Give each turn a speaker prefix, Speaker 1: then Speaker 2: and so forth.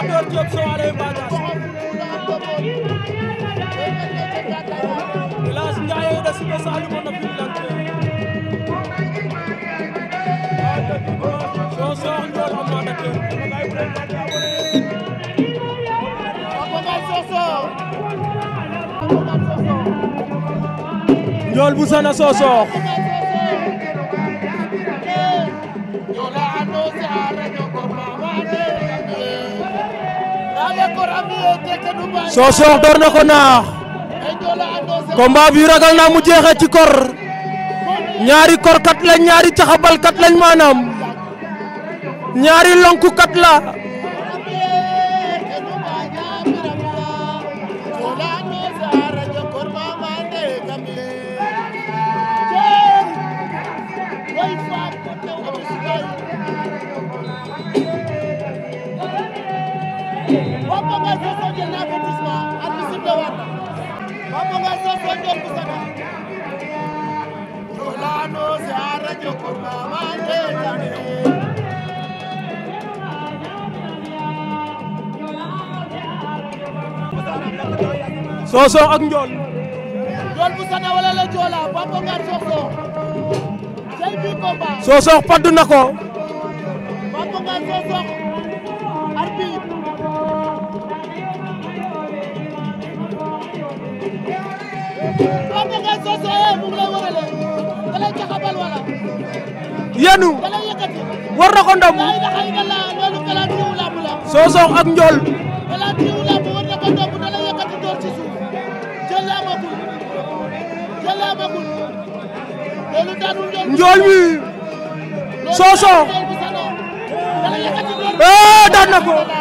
Speaker 1: Andoor a bu sana Sossokh Sokh door na ko naax
Speaker 2: combat bi ragal naa mu
Speaker 1: jeexee ci kor ñaari korkat lañ ñaari caxabal kat lañ maanaam ñaari lonku kat la Papa Ngaye Sokh jël na avertissement at bi sifflé waat na Papa Ngaye Sokh jël bu sana Jolano se arajo ko mande jane Sokh ak Ndiol Ndiol bu sana wala la Joola Papa Ngaye Sokh lo sey bi combat Sokh Sokh paddu na ko Papa Ngaye Sokh Papa Ngagne Socé mu ngi lay warale da lay jaxabal wala yenu da lay yëkkati war na ko ndam la ilaha illallah loolu galaatiwu lamb la Sossokh ak Ndiol galaatiwu lamb war na ko ndam da lay yëkkati door ci suuf jël la amagul jël la amagul loolu daanul Ndiol mi Sossokh eh daan na ko